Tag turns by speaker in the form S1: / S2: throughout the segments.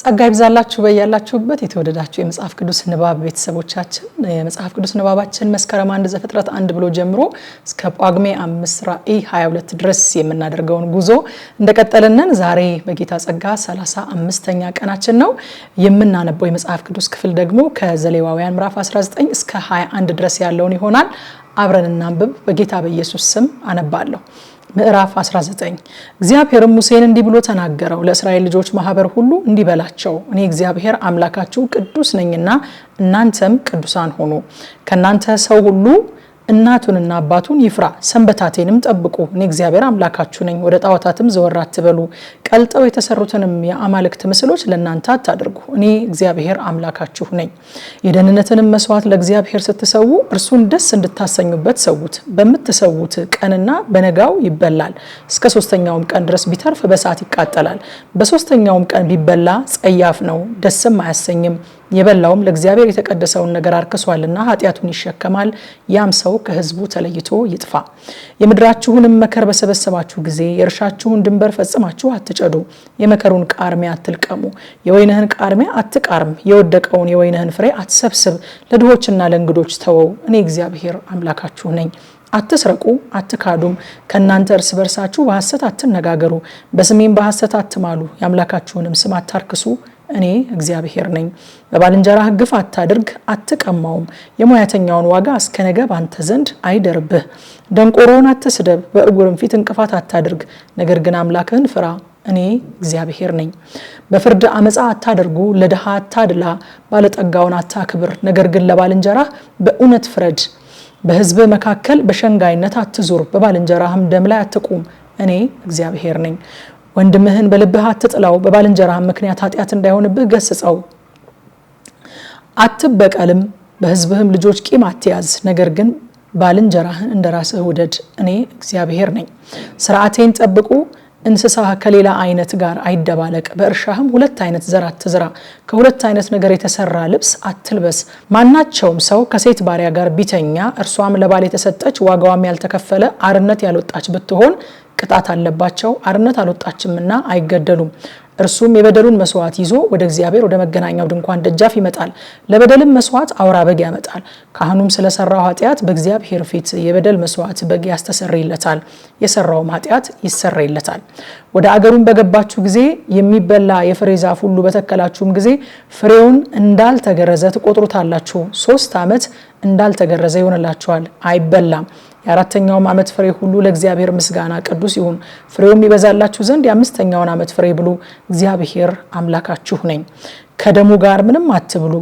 S1: ጸጋ ይብዛላችሁ በያላችሁበት የተወደዳችሁ የመጽሐፍ ቅዱስ ንባብ ቤተሰቦቻችን የመጽሐፍ ቅዱስ ንባባችን መስከረም አንድ ዘፍጥረት አንድ ብሎ ጀምሮ እስከ ጳጉሜ አምስት ራዕይ 22 ድረስ የምናደርገውን ጉዞ እንደቀጠልንን ዛሬ በጌታ ጸጋ ሰላሳ አምስተኛ ቀናችን ነው። የምናነበው የመጽሐፍ ቅዱስ ክፍል ደግሞ ከዘሌዋውያን ምዕራፍ 19 እስከ 21 ድረስ ያለውን ይሆናል። አብረን እናንብብ። በጌታ በኢየሱስ ስም አነባለሁ። ምዕራፍ 19 እግዚአብሔርም ሙሴን እንዲህ ብሎ ተናገረው። ለእስራኤል ልጆች ማህበር ሁሉ እንዲህ በላቸው፣ እኔ እግዚአብሔር አምላካችሁ ቅዱስ ነኝና እናንተም ቅዱሳን ሁኑ። ከእናንተ ሰው ሁሉ እናቱንና አባቱን ይፍራ፣ ሰንበታቴንም ጠብቁ፣ እኔ እግዚአብሔር አምላካችሁ ነኝ። ወደ ጣዖታትም ዘወር አትበሉ፣ ቀልጠው የተሰሩትንም የአማልክት ምስሎች ለእናንተ አታድርጉ፣ እኔ እግዚአብሔር አምላካችሁ ነኝ። የደህንነትንም መስዋዕት ለእግዚአብሔር ስትሰዉ እርሱን ደስ እንድታሰኙበት ሰዉት። በምትሰዉት ቀንና በነጋው ይበላል፣ እስከ ሶስተኛውም ቀን ድረስ ቢተርፍ በእሳት ይቃጠላል። በሶስተኛውም ቀን ቢበላ ጸያፍ ነው፣ ደስም አያሰኝም። የበላውም ለእግዚአብሔር የተቀደሰውን ነገር አርክሷልና ኃጢአቱን ይሸከማል። ያም ሰው ከሕዝቡ ተለይቶ ይጥፋ። የምድራችሁንም መከር በሰበሰባችሁ ጊዜ የእርሻችሁን ድንበር ፈጽማችሁ አትጨዱ። የመከሩን ቃርሚያ አትልቀሙ። የወይንህን ቃርሚያ አትቃርም። የወደቀውን የወይንህን ፍሬ አትሰብስብ። ለድሆችና ለእንግዶች ተወው። እኔ እግዚአብሔር አምላካችሁ ነኝ። አትስረቁ፣ አትካዱም። ከእናንተ እርስ በርሳችሁ በሐሰት አትነጋገሩ። በስሜም በሐሰት አትማሉ። የአምላካችሁንም ስም አታርክሱ እኔ እግዚአብሔር ነኝ። በባልንጀራህ ግፍ አታድርግ፣ አትቀማውም። የሙያተኛውን ዋጋ እስከ ነገ ባንተ ዘንድ አይደርብህ። ደንቆሮውን አትስደብ፣ በእውርም ፊት እንቅፋት አታድርግ። ነገር ግን አምላክህን ፍራ። እኔ እግዚአብሔር ነኝ። በፍርድ አመፃ አታደርጉ፣ ለድሃ አታድላ፣ ባለጠጋውን አታክብር። ነገር ግን ለባልንጀራህ በእውነት ፍረድ። በህዝብ መካከል በሸንጋይነት አትዙር፣ በባልንጀራህም ደም ላይ አትቁም። እኔ እግዚአብሔር ነኝ። ወንድምህን በልብህ አትጥላው፣ በባልንጀራህ ምክንያት ኃጢአት እንዳይሆንብህ ገስጸው። አትበቀልም፣ በህዝብህም ልጆች ቂም አትያዝ፣ ነገር ግን ባልንጀራህን እንደ ራስህ ውደድ። እኔ እግዚአብሔር ነኝ። ስርዓቴን ጠብቁ። እንስሳ ከሌላ አይነት ጋር አይደባለቅ። በእርሻህም ሁለት አይነት ዘር አትዝራ። ከሁለት አይነት ነገር የተሰራ ልብስ አትልበስ። ማናቸውም ሰው ከሴት ባሪያ ጋር ቢተኛ እርሷም ለባል የተሰጠች ዋጋዋም ያልተከፈለ አርነት ያልወጣች ብትሆን ቅጣት አለባቸው፣ አርነት አልወጣችምና አይገደሉም። እርሱም የበደሉን መስዋዕት ይዞ ወደ እግዚአብሔር ወደ መገናኛው ድንኳን ደጃፍ ይመጣል። ለበደልም መስዋዕት አውራ በግ ያመጣል። ካህኑም ስለሰራው ኃጢአት በእግዚአብሔር ፊት የበደል መስዋዕት በግ ያስተሰርይለታል። የሰራውም ኃጢአት ይሰረይለታል። ወደ አገሩም በገባችሁ ጊዜ የሚበላ የፍሬ ዛፍ ሁሉ በተከላችሁም ጊዜ ፍሬውን እንዳልተገረዘ ትቆጥሩታላችሁ። ሶስት ዓመት እንዳልተገረዘ ይሆንላችኋል፣ አይበላም። የአራተኛውም ዓመት ፍሬ ሁሉ ለእግዚአብሔር ምስጋና ቅዱስ ይሁን። ፍሬውም ይበዛላችሁ ዘንድ የአምስተኛውን ዓመት ፍሬ ብሉ። እግዚአብሔር አምላካችሁ ነኝ። ከደሙ ጋር ምንም አትብሉ፣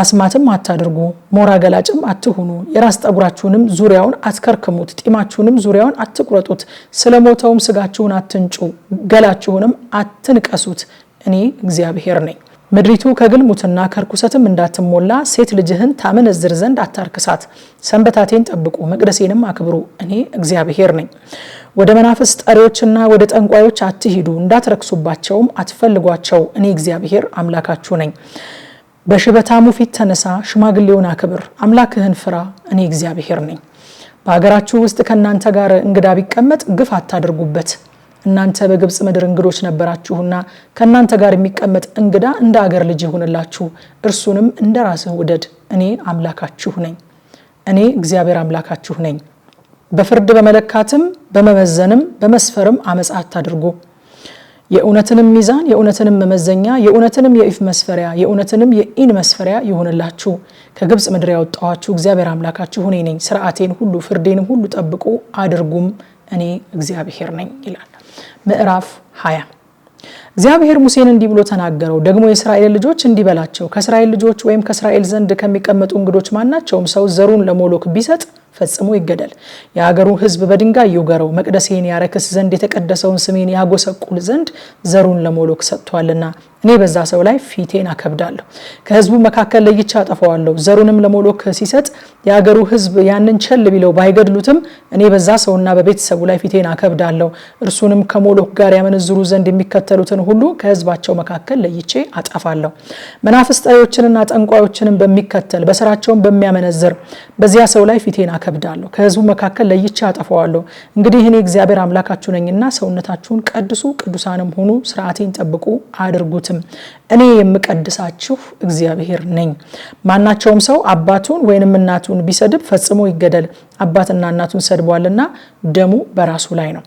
S1: አስማትም አታድርጉ፣ ሞራ ገላጭም አትሁኑ። የራስ ጠጉራችሁንም ዙሪያውን አትከርክሙት፣ ጢማችሁንም ዙሪያውን አትቁረጡት። ስለ ሞተውም ስጋችሁን አትንጩ፣ ገላችሁንም አትንቀሱት። እኔ እግዚአብሔር ነኝ። ምድሪቱ ከግልሙትና ከርኩሰትም እንዳትሞላ ሴት ልጅህን ታመነዝር ዘንድ አታርክሳት። ሰንበታቴን ጠብቁ፣ መቅደሴንም አክብሩ። እኔ እግዚአብሔር ነኝ። ወደ መናፍስት ጠሪዎችና ወደ ጠንቋዮች አትሂዱ፣ እንዳትረክሱባቸውም አትፈልጓቸው፣ እኔ እግዚአብሔር አምላካችሁ ነኝ። በሽበታሙ ፊት ተነሳ፣ ሽማግሌውን አክብር፣ አምላክህን ፍራ፣ እኔ እግዚአብሔር ነኝ። በሀገራችሁ ውስጥ ከእናንተ ጋር እንግዳ ቢቀመጥ ግፍ አታደርጉበት። እናንተ በግብፅ ምድር እንግዶች ነበራችሁና ከእናንተ ጋር የሚቀመጥ እንግዳ እንደ አገር ልጅ ይሁንላችሁ፣ እርሱንም እንደ ራስህ ውደድ። እኔ አምላካችሁ ነኝ። እኔ እግዚአብሔር አምላካችሁ ነኝ። በፍርድ በመለካትም በመመዘንም በመስፈርም አመፃ አታድርጉ። የእውነትንም ሚዛን የእውነትንም መመዘኛ የእውነትንም የኢፍ መስፈሪያ የእውነትንም የኢን መስፈሪያ ይሆንላችሁ። ከግብፅ ምድር ያወጣኋችሁ እግዚአብሔር አምላካችሁ እኔ ነኝ። ስርዓቴን ሁሉ ፍርዴንም ሁሉ ጠብቁ አድርጉም፣ እኔ እግዚአብሔር ነኝ ይላል። ምዕራፍ 20 እግዚአብሔር ሙሴን እንዲህ ብሎ ተናገረው። ደግሞ የእስራኤል ልጆች እንዲህ በላቸው፣ ከእስራኤል ልጆች ወይም ከእስራኤል ዘንድ ከሚቀመጡ እንግዶች ማናቸውም ሰው ዘሩን ለሞሎክ ቢሰጥ ፈጽሞ ይገደል። የሀገሩ ሕዝብ በድንጋይ ይውገረው። መቅደሴን ያረክስ ዘንድ የተቀደሰውን ስሜን ያጎሰቁል ዘንድ ዘሩን ለሞሎክ ሰጥቷልና እኔ በዛ ሰው ላይ ፊቴን አከብዳለሁ፣ ከሕዝቡ መካከል ለይቻ አጠፋዋለሁ። ዘሩንም ለሞሎክ ሲሰጥ የአገሩ ህዝብ ያንን ቸል ቢለው ባይገድሉትም እኔ በዛ ሰውና በቤተሰቡ ላይ ፊቴን አከብዳለሁ፣ እርሱንም ከሞሎክ ጋር ያመነዝሩ ዘንድ የሚከተሉትን ሁሉ ከህዝባቸው መካከል ለይቼ አጠፋለሁ። መናፍስታዮችንና ጠንቋዮችንም በሚከተል በስራቸውን በሚያመነዝር በዚያ ሰው ላይ ፊቴን አከብዳለሁ፣ ከህዝቡ መካከል ለይቼ አጠፋዋለሁ። እንግዲህ እኔ እግዚአብሔር አምላካችሁ ነኝና ሰውነታችሁን ቀድሱ፣ ቅዱሳንም ሁኑ፣ ስርዓቴን ጠብቁ አድርጉትም። እኔ የምቀድሳችሁ እግዚአብሔር ነኝ። ማናቸውም ሰው አባቱን ወይንም እናቱን አባቱን ቢሰድብ ፈጽሞ ይገደል፣ አባትና እናቱን ሰድቧልና ደሙ በራሱ ላይ ነው።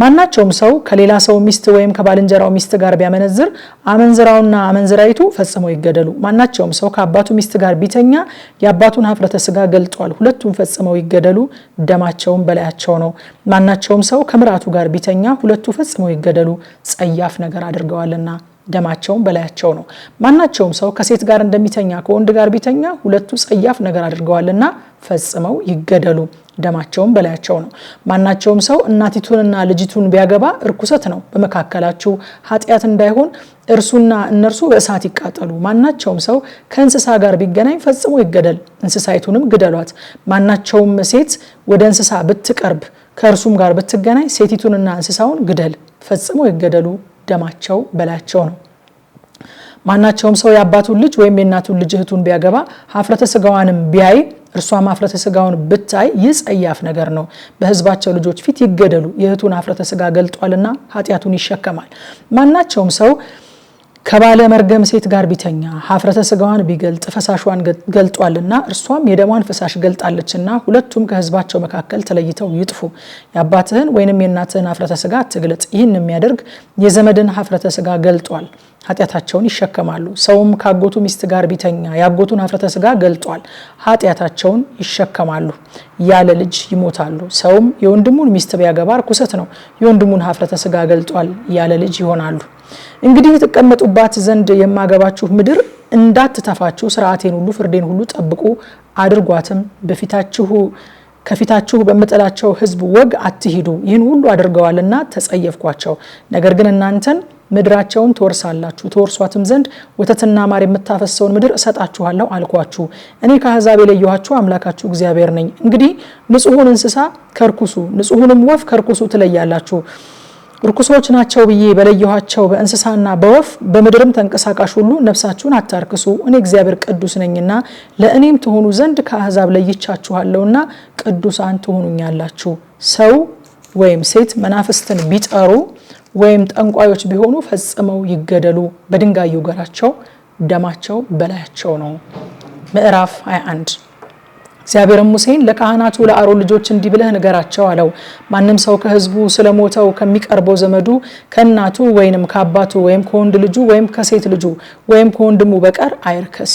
S1: ማናቸውም ሰው ከሌላ ሰው ሚስት ወይም ከባልንጀራው ሚስት ጋር ቢያመነዝር አመንዝራውና አመንዝራይቱ ፈጽሞ ይገደሉ። ማናቸውም ሰው ከአባቱ ሚስት ጋር ቢተኛ የአባቱን ሀፍረተ ስጋ ገልጧል፣ ሁለቱም ፈጽመው ይገደሉ፣ ደማቸውም በላያቸው ነው። ማናቸውም ሰው ከምራቱ ጋር ቢተኛ ሁለቱ ፈጽመው ይገደሉ፣ ጸያፍ ነገር አድርገዋልና ደማቸውም በላያቸው ነው። ማናቸውም ሰው ከሴት ጋር እንደሚተኛ ከወንድ ጋር ቢተኛ ሁለቱ ጸያፍ ነገር አድርገዋልና ፈጽመው ይገደሉ፣ ደማቸውም በላያቸው ነው። ማናቸውም ሰው እናቲቱንና ልጅቱን ቢያገባ እርኩሰት ነው፣ በመካከላችሁ ኃጢአት እንዳይሆን እርሱና እነርሱ በእሳት ይቃጠሉ። ማናቸውም ሰው ከእንስሳ ጋር ቢገናኝ ፈጽሞ ይገደል፣ እንስሳይቱንም ግደሏት። ማናቸውም ሴት ወደ እንስሳ ብትቀርብ ከእርሱም ጋር ብትገናኝ ሴቲቱንና እንስሳውን ግደል፣ ፈጽሞ ይገደሉ ደማቸው በላያቸው ነው። ማናቸውም ሰው የአባቱን ልጅ ወይም የእናቱን ልጅ እህቱን ቢያገባ ሀፍረተ ስጋዋንም ቢያይ እርሷም ሀፍረተ ስጋውን ብታይ ይህ ጸያፍ ነገር ነው። በሕዝባቸው ልጆች ፊት ይገደሉ። የእህቱን አፍረተ ስጋ ገልጧልና ኃጢአቱን ይሸከማል። ማናቸውም ሰው ከባለ መርገም ሴት ጋር ቢተኛ ሀፍረተ ስጋዋን ቢገልጥ ፈሳሿን ገልጧልና እርሷም የደሟን ፈሳሽ ገልጣለችና ሁለቱም ከህዝባቸው መካከል ተለይተው ይጥፉ። የአባትህን ወይንም የእናትህን ሀፍረተ ስጋ አትግለጥ። ይህን የሚያደርግ የዘመድን ሀፍረተ ስጋ ገልጧል፣ ኃጢአታቸውን ይሸከማሉ። ሰውም ከአጎቱ ሚስት ጋር ቢተኛ የአጎቱን ሀፍረተ ስጋ ገልጧል፣ ኃጢአታቸውን ይሸከማሉ። ያለ ልጅ ይሞታሉ። ሰውም የወንድሙን ሚስት ቢያገባ ርኩሰት ነው፣ የወንድሙን ሀፍረተ ስጋ ገልጧል፣ ያለ ልጅ ይሆናሉ። እንግዲህ የተቀመጡባት ዘንድ የማገባችሁ ምድር እንዳትተፋችሁ ስርዓቴን ሁሉ ፍርዴን ሁሉ ጠብቁ አድርጓትም በፊታችሁ ከፊታችሁ በምጥላቸው ህዝብ ወግ አትሂዱ። ይህን ሁሉ አድርገዋልና ተጸየፍኳቸው። ነገር ግን እናንተን ምድራቸውን ትወርሳላችሁ ትወርሷትም ዘንድ ወተትና ማር የምታፈሰውን ምድር እሰጣችኋለሁ አልኳችሁ። እኔ ከአሕዛብ የለየኋችሁ አምላካችሁ እግዚአብሔር ነኝ። እንግዲህ ንጹሁን እንስሳ ከርኩሱ ንጹሁንም ወፍ ከርኩሱ ትለያላችሁ። ርኩሶች ናቸው ብዬ በለየኋቸው በእንስሳና በወፍ በምድርም ተንቀሳቃሽ ሁሉ ነፍሳችሁን አታርክሱ፣ እኔ እግዚአብሔር ቅዱስ ነኝና ለእኔም ትሆኑ ዘንድ ከአህዛብ ለይቻችኋለሁና ቅዱሳን ትሆኑኛላችሁ። ሰው ወይም ሴት መናፍስትን ቢጠሩ ወይም ጠንቋዮች ቢሆኑ ፈጽመው ይገደሉ፣ በድንጋይ ይውገራቸው፣ ደማቸው በላያቸው ነው። ምዕራፍ 21 እግዚአብሔርም ሙሴን ለካህናቱ ለአሮን ልጆች እንዲህ ብለህ ንገራቸው አለው። ማንም ሰው ከህዝቡ ስለሞተው ከሚቀርበው ዘመዱ ከእናቱ ወይንም ከአባቱ ወይም ከወንድ ልጁ ወይም ከሴት ልጁ ወይም ከወንድሙ በቀር አይርከስ።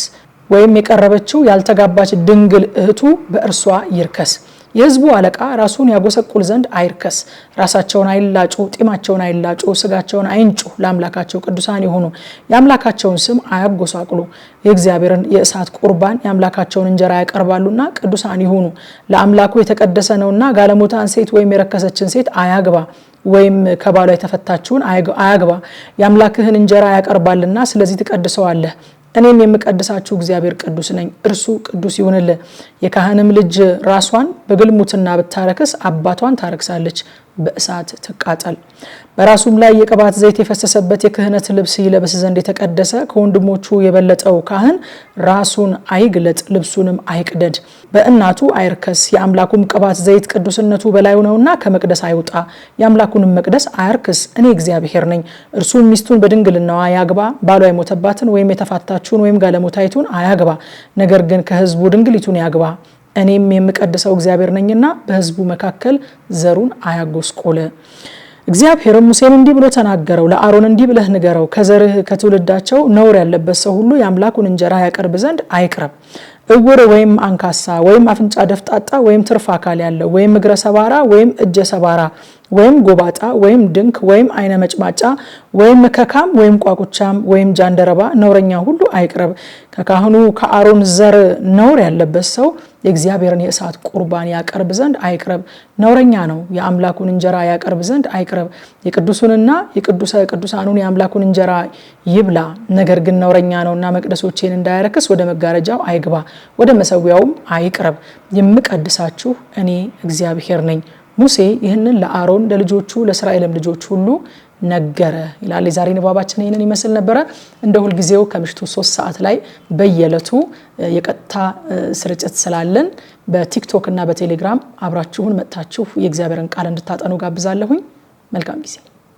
S1: ወይም የቀረበችው ያልተጋባች ድንግል እህቱ በእርሷ ይርከስ። የህዝቡ አለቃ ራሱን ያጎሰቁል ዘንድ አይርከስ፣ ራሳቸውን አይላጩ፣ ጢማቸውን አይላጩ፣ ስጋቸውን አይንጩ። ለአምላካቸው ቅዱሳን የሆኑ የአምላካቸውን ስም አያጎሳቅሉ። የእግዚአብሔርን የእሳት ቁርባን የአምላካቸውን እንጀራ ያቀርባሉና ቅዱሳን ይሁኑ። ለአምላኩ የተቀደሰ ነውና ጋለሞታን ሴት ወይም የረከሰችን ሴት አያግባ ወይም ከባሏ የተፈታችውን አያግባ። የአምላክህን እንጀራ ያቀርባልና ስለዚህ ትቀድሰዋለህ። እኔም የምቀድሳችሁ እግዚአብሔር ቅዱስ ነኝ። እርሱ ቅዱስ ይሁንልህ። የካህንም ልጅ ራሷን በግልሙትና ብታረክስ አባቷን ታረክሳለች፣ በእሳት ትቃጠል። በራሱም ላይ የቅባት ዘይት የፈሰሰበት የክህነት ልብስ ይለብስ ዘንድ የተቀደሰ ከወንድሞቹ የበለጠው ካህን ራሱን አይግለጥ፣ ልብሱንም አይቅደድ፣ በእናቱ አይርከስ። የአምላኩም ቅባት ዘይት ቅዱስነቱ በላዩ ነውና ከመቅደስ አይውጣ፣ የአምላኩንም መቅደስ አያርክስ። እኔ እግዚአብሔር ነኝ። እርሱም ሚስቱን በድንግልናዋ ያግባ፣ ባሏ የሞተባትን ወይም የተፋታችሁን ወይም ጋለሞታይቱን አያግባ፣ ነገር ግን ከህዝቡ ድንግሊቱን ያግባ እኔም የምቀድሰው እግዚአብሔር ነኝና በህዝቡ መካከል ዘሩን አያጎስቆለ። እግዚአብሔርም ሙሴን እንዲህ ብሎ ተናገረው፣ ለአሮን እንዲህ ብለህ ንገረው፣ ከዘርህ ከትውልዳቸው ነውር ያለበት ሰው ሁሉ የአምላኩን እንጀራ ያቀርብ ዘንድ አይቅረብ። እውር ወይም አንካሳ ወይም አፍንጫ ደፍጣጣ ወይም ትርፍ አካል ያለው ወይም እግረ ሰባራ ወይም እጀ ሰባራ ወይም ጎባጣ ወይም ድንክ ወይም አይነ መጭማጫ ወይም ከካም ወይም ቋቁቻም ወይም ጃንደረባ ነውረኛ ሁሉ አይቅረብ። ከካህኑ ከአሮን ዘር ነውር ያለበት ሰው የእግዚአብሔርን የእሳት ቁርባን ያቀርብ ዘንድ አይቅረብ። ነውረኛ ነው። የአምላኩን እንጀራ ያቀርብ ዘንድ አይቅረብ። የቅዱሱንና የቅዱሰ ቅዱሳኑን የአምላኩን እንጀራ ይብላ፣ ነገር ግን ነውረኛ ነውና መቅደሶቼን እንዳያረክስ ወደ መጋረጃው አይግባ፣ ወደ መሰዊያውም አይቅረብ። የምቀድሳችሁ እኔ እግዚአብሔር ነኝ። ሙሴ ይህንን ለአሮን ለልጆቹ ለእስራኤልም ልጆች ሁሉ ነገረ ይላል። የዛሬ ንባባችን ይህንን ይመስል ነበረ። እንደ ሁልጊዜው ከምሽቱ ሶስት ሰዓት ላይ በየዕለቱ የቀጥታ ስርጭት ስላለን በቲክቶክ እና በቴሌግራም አብራችሁን መጥታችሁ የእግዚአብሔርን ቃል እንድታጠኑ ጋብዛለሁኝ። መልካም ጊዜ